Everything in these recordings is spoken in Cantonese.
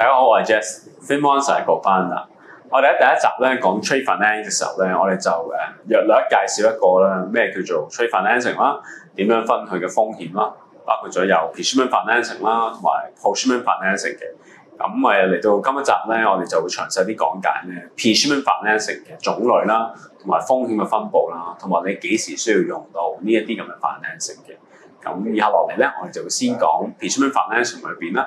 大家好，我係 Jess Finance 係講翻啦，我哋喺第一集咧講 trade financing 嘅時候咧，我哋就誒略、uh, 略介紹一個咧咩叫做 trade financing 啦，點樣分佢嘅風險啦，包括咗有 pre-shipment financing 啦，同埋 post-shipment financing 嘅。咁誒嚟到今一集咧，我哋就會詳細啲講解咧 pre-shipment financing 嘅種類啦，同埋風險嘅分布啦，同埋你幾時需要用到這這呢一啲咁嘅 financing 嘅。咁以下落嚟咧，我哋就會先講 pre-shipment financing 裏邊啦。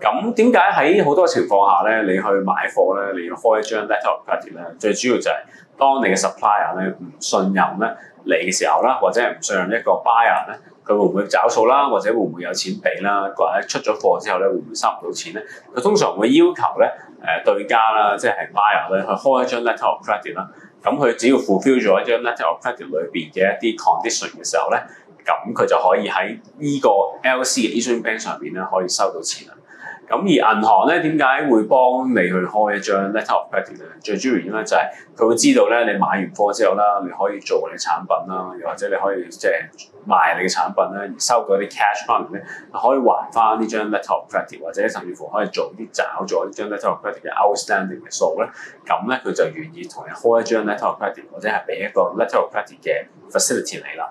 咁點解喺好多情況下咧，你去買貨咧，你要開一張 letter of credit 咧？最主要就係當你嘅 supplier 咧唔信任咧你嘅時候啦，或者係唔信任一個 buyer 咧，佢會唔會找數啦，或者會唔會有錢俾啦，或者出咗貨之後咧會唔會收唔到錢咧？佢通常會要求咧誒對家啦，即係 buyer 咧去開一張 letter of credit 啦。咁佢只要 fulfill 咗一張 letter of credit 裏邊嘅一啲 condition 嘅時候咧，咁佢就可以喺呢個 LC 嘅 Issuing Bank 上邊咧可以收到錢啦。咁而銀行咧點解會幫你去開一張 letter of credit 咧？最主要原因咧就係佢會知道咧，你買完貨之後啦，你可以做你產品啦，又或者你可以即係賣你嘅產品啦，而收嗰啲 cash money 咧，可以還翻呢張 letter of credit，或者甚至乎可以做啲找咗呢張 letter of credit 嘅 outstanding 嘅數咧，咁咧佢就願意同你開一張 letter of credit，或者係俾一個 letter of credit 嘅 facility 嚟啦。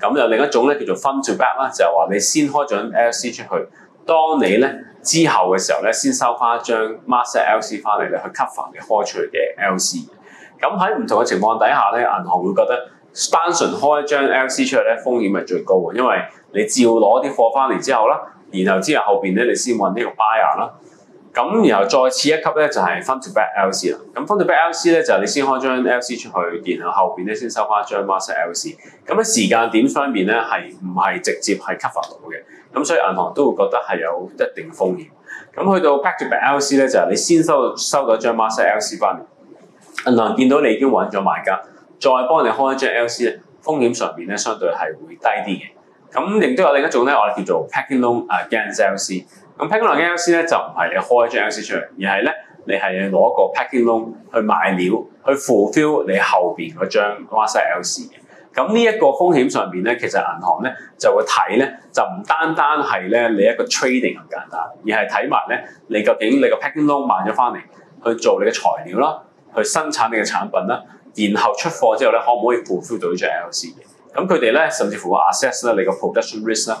咁有另一種咧叫做 fund to back 啦，就係話你先開咗一張 LC 出去，當你咧之後嘅時候咧，先收翻一張 master LC 翻嚟咧去 cover 你開出去嘅 LC。咁喺唔同嘅情況底下咧，銀行會覺得 spanson 開一張 LC 出去咧風險係最高啊，因為你照攞啲貨翻嚟之後啦，然後之後後邊咧你先揾呢個 buyer 啦。咁然後再次一級咧就係、是、fund to back LC 啦。咁 fund to back LC 咧就係、是、你先開張 LC 出去，然後後邊咧先收翻張 master LC。咁喺時間點方面咧係唔係直接係 cover 到嘅。咁所以銀行都會覺得係有一定風險。咁去到 back to back LC 咧就係、是、你先收收到張 master LC 翻嚟，銀行見到你已經揾咗賣家，再幫你開一張 LC 咧，風險上邊咧相對係會低啲嘅。咁亦都有另一種咧我哋叫做 packing loan against LC。咁 packing loan L C 咧就唔係你開一張 L C 出嚟，而係咧你係攞個 packing loan 去買料，去 fulfill 你後邊嗰張孖式 L C 嘅。咁呢一個風險上邊咧，其實銀行咧就會睇咧，就唔單單係咧你一個 trading 咁簡單，而係睇埋咧你究竟你個 packing loan 買咗翻嚟，去做你嘅材料啦，去生產你嘅產品啦，然後出貨之後咧可唔可以 fulfill 到張 LC 呢張 L C 嘅？咁佢哋咧甚至乎話 assess 啦，你個 production risk 啦。